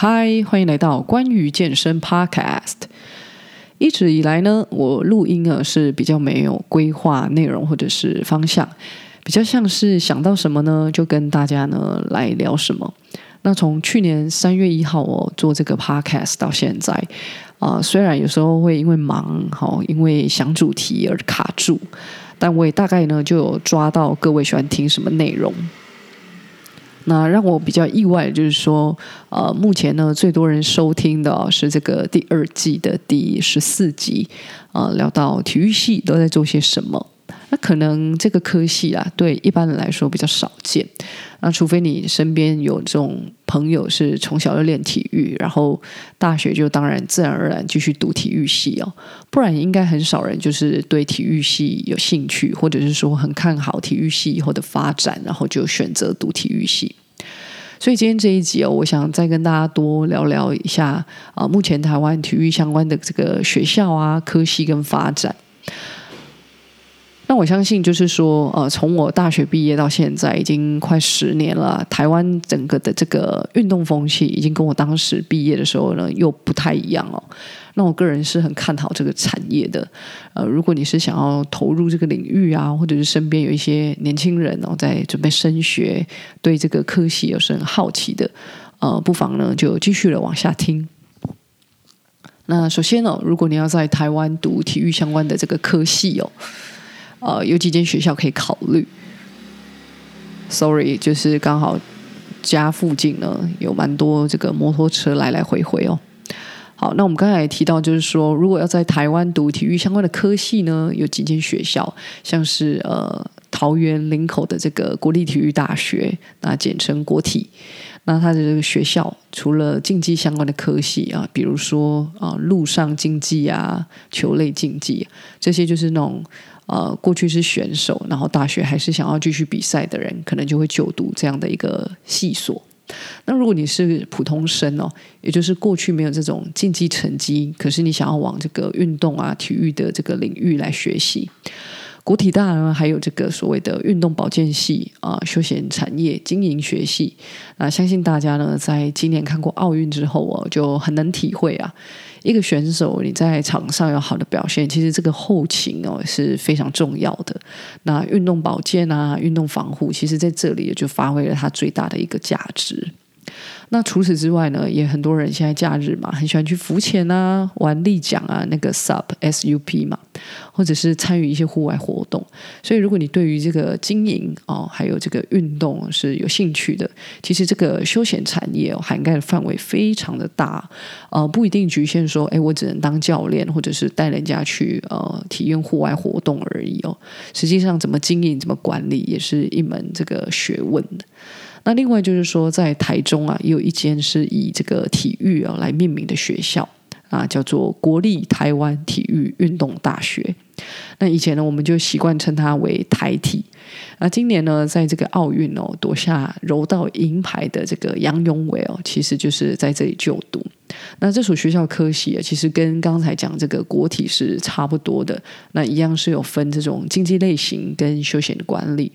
嗨，歡迎來到關於健身 Podcast。一直以來呢，我錄音啊是比較沒有規劃內容或者是方向，比較像是想到什麼呢就跟大家呢來聊什麼。那從去年三月一號我做這個 Podcast 到現在啊、呃，雖然有時候會因為忙好、哦，因為想主題而卡住，但我也大概呢就有抓到各位喜歡聽什麼內容。那讓我比較意外就是說，呃，目前呢最多人收聽的哦，是這個第二季的第十四集，呃，聊到體育系都在做些什麼。那可能這個科系啊，對一般人來說比較少見。那除非你身邊有這種朋友是從小就練體育，然後大學就當然自然而然繼續讀體育系哦，不然應該很少人就是對體育系有興趣，或者是說很看好體育系以後的發展，然後就選擇讀體育系。所以今天這一集哦，我想再跟大家多聊聊一下啊，目前台灣體育相關的這個學校啊，科系跟發展。我相信，就是說，呃，從我大學畢業到現在，已經快十年了。台灣整個的這個運動風氣，已經跟我當時畢業的時候呢，又不太一樣哦。那我個人是很看好這個產業的。呃，如果你是想要投入這個領域啊，或者是身邊有一些年輕人哦，在準備升學，對這個科系又是很好奇的，呃，不妨呢就繼續的往下聽。那首先呢，哦，如果你要在台灣讀體育相關的這個科系哦。呃，有幾間學校可以考慮。Sorry，就是剛好家附近呢有蠻多這個摩托車來來回回哦。好，那我們剛才也提到，就是說如果要在台灣讀體育相關的科系呢，有幾間學校，像是呃。桃園林口的這個國立體育大學，那簡稱國體。那它的這個學校除了競技相關的科系啊，比如說啊、呃，陸上競技啊、球類競技這些，就是那種呃，過去是選手，然後大學還是想要繼續比賽的人，可能就會就讀這樣的一個系所。那如果你是普通生哦，也就是過去沒有這種競技成績，可是你想要往這個運動啊、體育的這個領域來學習。國體大呢，還有這個所謂的運動保健系啊，休閒產業經營學系啊，那相信大家呢，在今年看過奧運之後哦，就很能體會啊，一個選手你在場上有好的表現，其實這個後勤哦是非常重要的。那運動保健啊，運動防護，其實在這裡就發揮了它最大的一個價值。那除此之外呢，也很多人現在假日嘛，很喜歡去浮潛啊、玩立槳啊、那個 S U P S U P 嘛，或者是參與一些戶外活動。所以，如果你對於這個經營啊、哦，還有這個運動是有興趣的，其實這個休閒產業、哦、涵蓋的範圍非常的大，呃，不一定局限說，哎，我只能當教練，或者是帶人家去呃體驗戶外活動而已哦。實際上，怎麼經營、怎麼管理，也是一門這個學問。那另外就是說，在台中啊，也有一間是以這個體育啊來命名的學校啊，叫做國立台灣體育運動大學。那以前呢，我們就習慣稱它為台體。那今年呢，在這個奧運哦奪下柔道銀牌的這個楊勇緯哦，其實就是在這裡就讀。那這所學校科系啊，其實跟剛才講這個國體是差不多的，那一樣是有分這種競技類型跟休閒的管理。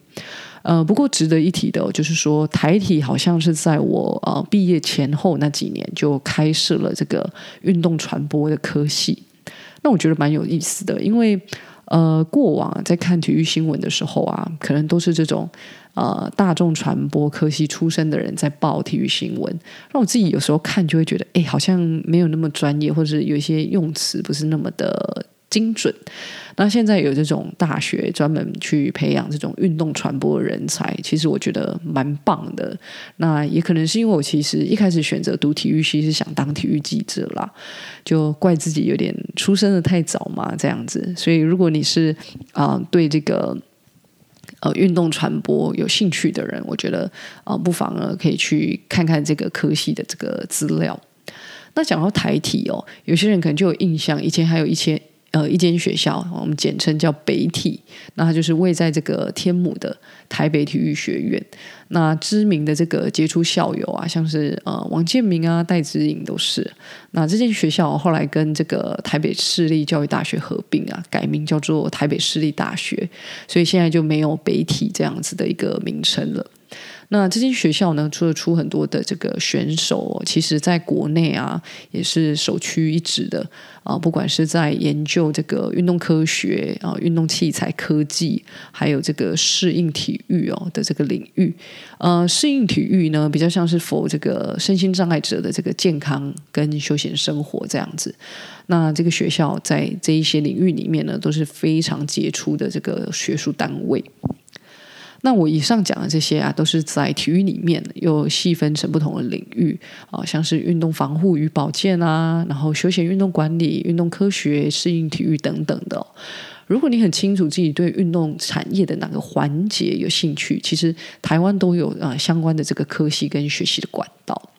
呃，不過值得一提的，哦，就是說台體好像是在我呃畢業前後那幾年就開設了這個運動傳播的科系，那我覺得蠻有意思的。因為呃，過往啊，在看體育新聞的時候啊，可能都是這種呃大眾傳播科系出身的人在報體育新聞，那我自己有時候看就會覺得，哎，好像沒有那麼專業，或者是有一些用詞不是那麼的。精準。那現在有這種大學專門去培養這種運動傳播人才，其實我覺得蠻棒的。那也可能是因為我其實一開始選擇讀體育系是想當體育記者啦，就怪自己有點出生的太早嘛，這樣子。所以如果你是啊、呃、對這個呃運動傳播有興趣的人，我覺得啊、呃、不妨呢可以去看看這個科系的這個資料。那講到台體哦，有些人可能就有印象，以前還有一些。呃，一間學校，我們簡稱叫北體，那它就是位在這個天母的台北體育學院。那知名的這個傑出校友啊，像是呃王建民啊、戴資穎都是。那這間學校後來跟這個台北市立教育大學合併啊，改名叫做台北市立大學，所以現在就沒有北體這樣子的一個名稱了。那這間學校呢，出了出很多的這個選手，其實在國內啊，也是首屈一指的啊。不管是在研究這個運動科學啊、運動器材科技，還有這個適應體育哦的這個領域，呃，適應體育呢，比較像是服務這個身心障礙者的這個健康跟休閒生活這樣子。那這個學校在這一些領域裡面呢，都是非常傑出的這個學術單位。那我以上講的這些啊，都是在體育裡面又細分成不同的領域啊、哦，像是運動防護與保健啊，然後休閒運動管理、運動科學、適應體育等等的、哦。如果你很清楚自己對運動產業的哪個環節有興趣，其實台灣都有啊、呃、相關的這個科系跟學習的管道。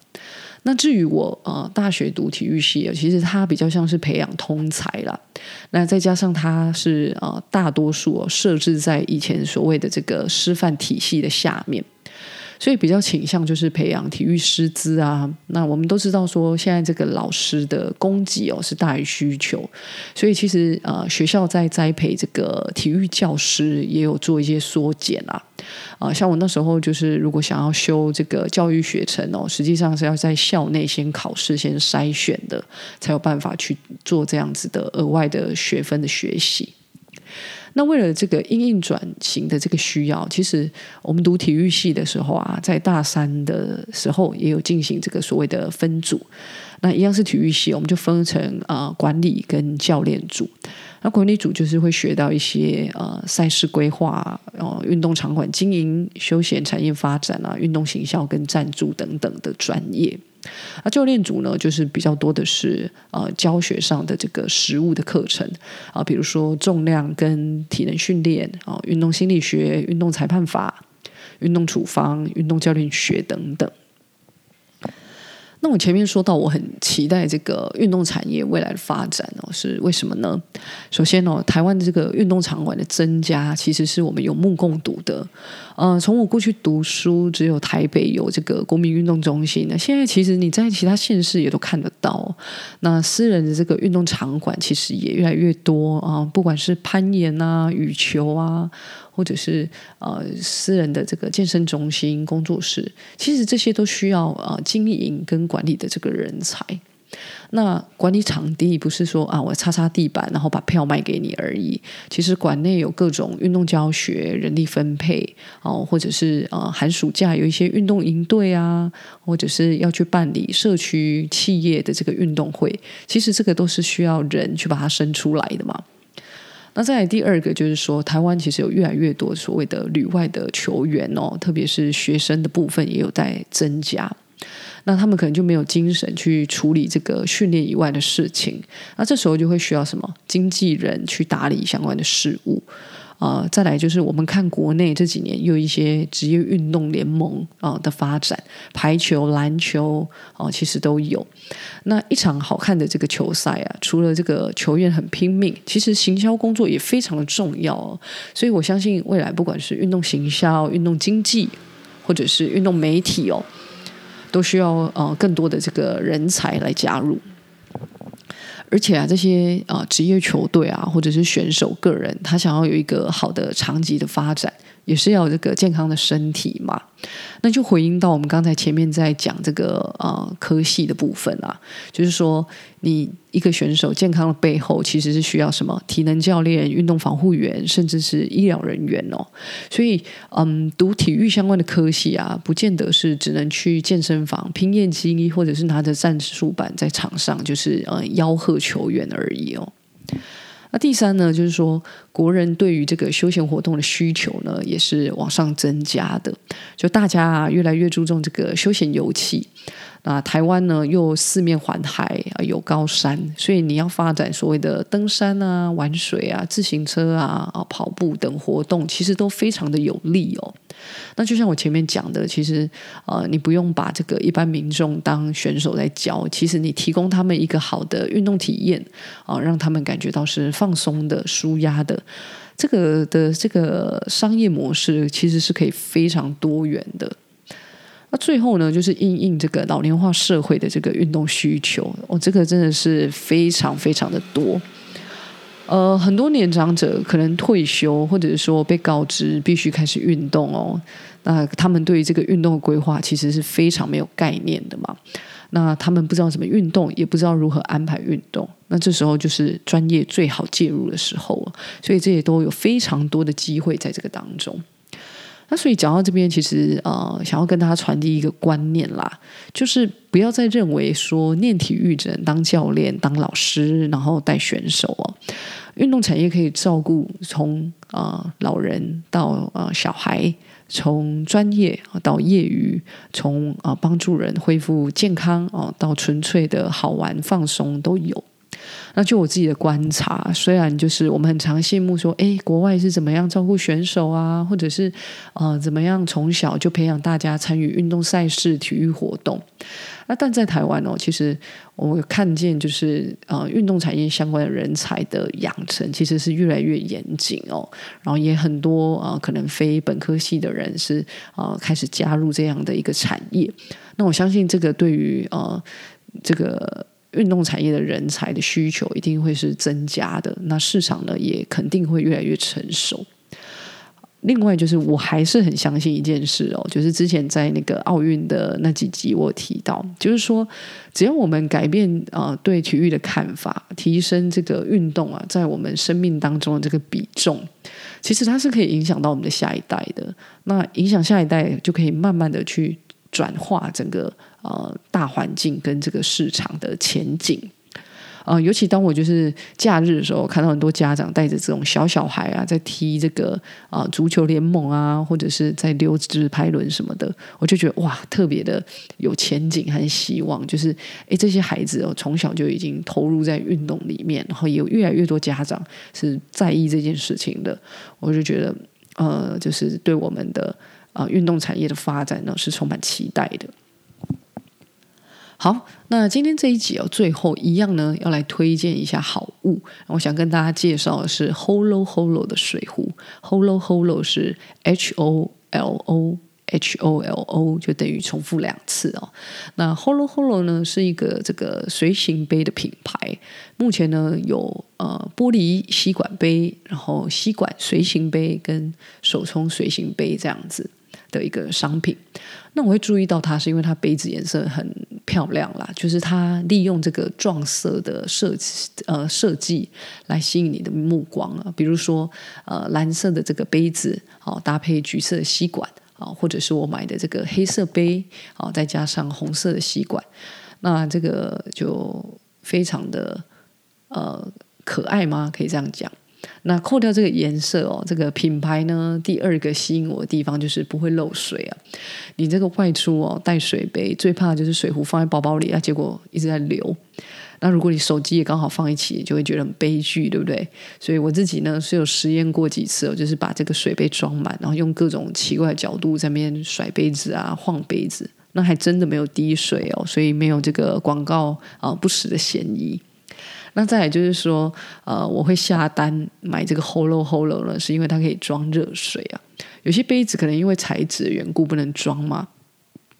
那至於我啊、呃，大學讀體育系啊，其實它比較像是培養通才啦。那再加上它是啊、呃，大多數、哦、設置在以前所謂的這個師範體系的下面。所以比較傾向就是培養體育師資啊。那我們都知道說，現在這個老師的供給哦是大於需求，所以其實呃學校在栽培這個體育教師也有做一些縮減啊。呃，像我那時候就是如果想要修這個教育學程哦，實際上是要在校內先考試、先篩選的，才有辦法去做這樣子的額外的學分的學習。那為了這個因應轉型的這個需要，其實我們讀體育系的時候啊，在大三的時候也有進行這個所謂的分組。那一樣是體育系，我們就分成、呃、管理跟教練組。那管理組就是會學到一些呃賽事規劃，然、呃、後運動場館經營、休閒產業發展啊、運動行銷跟贊助等等的專業。啊，教練組呢，就是比較多的是呃教學上的這個實務的課程啊，比如說重量跟體能訓練啊，運動心理學、運動裁判法、運動處方、運動教練學等等。那我前面說到，我很期待這個運動產業未來的發展哦，是為什麼呢？首先哦，台灣的這個運動場館的增加，其實是我們有目共睹的。呃，從我過去讀書，只有台北有這個國民運動中心。那現在其實你在其他縣市也都看得到，那私人的這個運動場館其實也越來越多啊，呃，不管是攀岩啊、羽球啊，或者是呃私人的這個健身中心、工作室，其實這些都需要呃經營跟管理的這個人才。那管理場地不是說啊，我擦擦地板，然後把票賣給你而已。其實館內有各種運動教學、人力分配哦，或者是呃寒暑假有一些運動營隊啊，或者是要去辦理社區企業的這個運動會。其實這個都是需要人去把它生出來的嘛。那再來第二個就是說，台灣其實有越來越多所謂的旅外的球員哦，特別是學生的部分也有在增加。那他們可能就沒有精神去處理這個訓練以外的事情，那這時候就會需要什麼經紀人去打理相關的事務啊、呃。再來就是我們看國內這幾年又有一些職業運動聯盟啊、呃、的發展，排球、籃球啊、呃，其實都有。那一場好看的這個球賽啊，除了這個球員很拼命，其實行銷工作也非常的重要、哦。所以我相信未來不管是運動行銷、運動經紀，或者是運動媒體哦。都需要呃更多的這個人才來加入，而且啊，這些啊、呃、職業球隊啊，或者是選手個人，他想要有一個好的長期的發展。也是要有這個健康的身體嘛，那就回應到我們剛才前面在講這個呃科系的部分啊，就是說你一個選手健康的背後其實是需要什麼？體能教練、運動防護員，甚至是醫療人員哦。所以嗯、呃，讀體育相關的科系啊，不見得是只能去健身房拼業績，或者是拿着戰術板在場上，就是呃吆喝球員而已哦。那第三呢，就是說，國人對於這個休閒活動的需求呢，也是往上增加的，就大家、啊、越來越注重這個休閒遊憩。啊，台灣呢又四面環海啊，有高山，所以你要發展所謂的登山啊、玩水啊、自行車啊、啊跑步等活動，其實都非常的有利哦。那就像我前面講的，其實呃，啊，你不用把這個一般民眾當選手來教，其實你提供他們一個好的運動體驗啊，讓他們感覺到是放鬆的、舒壓的，這個的這個商業模式其實是可以非常多元的。那最後呢，就是因應這個老年化社會的這個運動需求，哦，這個真的是非常非常的多。呃，很多年長者可能退休，或者是說被告知必須開始運動哦，那他們對於這個運動規劃其實是非常沒有概念的嘛。那他們不知道怎麼運動，也不知道如何安排運動。那這時候就是專業最好介入的時候了哦。所以這也都有非常多的機會在這個當中。那所以講到這邊，其實呃，想要跟大家傳遞一個觀念啦，就是不要再認為說，念體育只能當教練、當老師，然後帶選手哦、啊，運動產業可以照顧從啊、呃、老人到啊、呃、小孩，從專業到業餘，從啊、呃、幫助人恢復健康啊、呃、到純粹的好玩放鬆都有。那就我自己的觀察，雖然就是我們很常羨慕說，哎，國外是怎麼樣照顧選手啊，或者是呃，怎麼樣從小就培養大家參與運動賽事、體育活動。那但在台灣哦，其實我有看見就是呃，運動產業相關的人才的養成其實是越來越嚴謹哦，然後也很多啊，呃，可能非本科系的人是啊，呃，開始加入這樣的一個產業。那我相信這個對於呃這個。運動產業的人才的需求一定會是增加的，那市場呢也肯定會越來越成熟。另外，就是我還是很相信一件事哦，就是之前在那個奧運的那幾集，我提到，就是說，只要我們改變啊、呃、對體育的看法，提升這個運動啊在我們生命當中的這個比重，其實它是可以影響到我們的下一代的。那影響下一代，就可以慢慢的去轉化整個。呃，大環境跟這個市場的前景，呃，尤其當我就是假日的時候，看到很多家長帶着這種小小孩啊，在踢這個啊、呃、足球聯盟啊，或者是在溜直排輪什麼的，我就覺得哇，特別的有前景和希望。就是哎，這些孩子哦，從小就已經投入在運動裡面，然後也有越來越多家長是在意這件事情的，我就覺得呃，就是對我們的啊、呃、運動產業的發展呢，是充滿期待的。好，那今天這一集哦，最後一樣呢，要來推薦一下好物。我想跟大家介紹的是 Holo Holo 的水壺。Holo Holo 是 H O L O H O L O，就等於重複兩次哦。那 Holo Holo 呢，是一個這個隨行杯的品牌。目前呢，有呃玻璃吸管杯，然後吸管隨行杯跟手沖隨行杯這樣子的一個商品。那我會注意到它，是因為它杯子顏色很。漂亮啦，就是它利用這個撞色的設計，呃，設計來吸引你的目光啊，比如說，呃，藍色的這個杯子，哦，搭配橘色的吸管，哦，或者是我買的這個黑色杯，哦，再加上紅色的吸管，那這個就非常的，呃，可愛嗎？可以這樣講。那扣掉這個顏色哦，這個品牌呢，第二個吸引我的地方就是不會漏水啊。你這個外出哦帶水杯，最怕就是水壺放在包包裡啊，結果一直在流。那如果你手機也剛好放一起，就會覺得很悲劇，對不對？所以我自己呢是有實驗過幾次哦，就是把這個水杯裝滿，然後用各種奇怪的角度在那邊甩杯子啊、晃杯子，那還真的沒有滴水哦，所以沒有這個廣告啊不實的嫌疑。那再來就是說，呃，我會下單買這個 hollow hollow 呢，是因為它可以裝熱水啊。有些杯子可能因為材質的緣故不能裝嘛。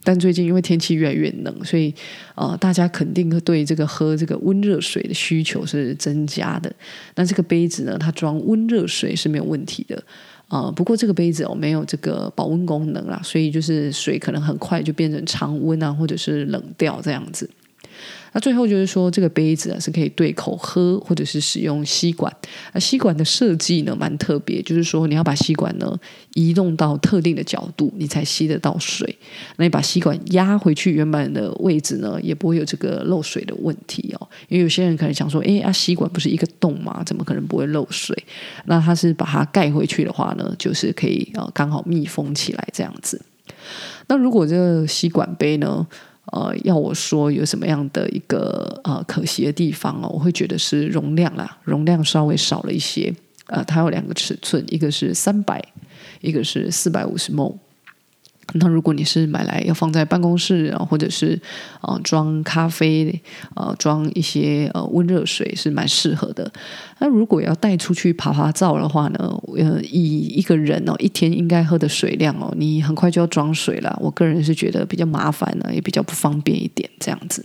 但最近因為天氣越來越冷，所以呃，大家肯定對這個喝這個溫熱水的需求是增加的。那這個杯子呢，它裝溫熱水是沒有問題的。呃，不過這個杯子哦，沒有這個保溫功能啦，所以就是水可能很快就變成常溫啊，或者是冷掉這樣子。那最後就是說，這個杯子啊，是可以對口喝，或者是使用吸管。那，啊，吸管的設計呢，蠻特別，就是說你要把吸管呢移動到特定的角度，你才吸得到水。那你把吸管壓回去原本的位置呢，也不會有這個漏水的問題哦。因為有些人可能想說，哎，啊，吸管不是一個洞嗎？怎麼可能不會漏水？那它是把它蓋回去的話呢，就是可以啊，剛好密封起來這樣子。那如果這個吸管杯呢？呃，要我說有什麼樣的一個呃可惜的地方哦，我會覺得是容量啦，容量稍微少了一些。呃，它有兩個尺寸，一個是三百，一個是四百五十 ml。那如果你是買來要放在辦公室啊，或者是啊、呃、裝咖啡、呃裝一些呃溫熱水，是蠻適合的。那如果要帶出去趴趴走的話呢，呃以一個人哦一天應該喝的水量哦，你很快就要裝水啦。我個人是覺得比較麻煩呢、啊，也比較不方便一點這樣子。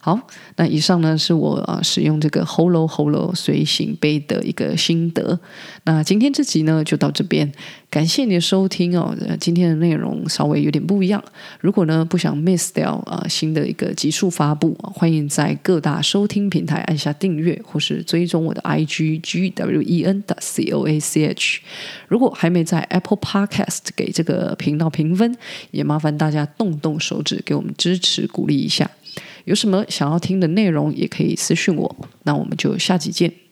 好，那以上呢是我，呃、使用這個 HOLOHOLO 隨行杯的一個心得。那今天這集呢就到這邊，感謝你的收聽哦，呃。今天的內容稍微有點不一樣，如果呢不想 miss 掉啊，呃、新的一個集數發布，呃，歡迎在各大收聽平台按下訂閱或是追蹤我的 i g g w e n 的 c o a c h。如果還沒在 Apple Podcast 給這個頻道評分，也麻煩大家動動手指給我們支持鼓勵一下。有什麼想要聽的內容，也可以私訊我。那我們就下期見。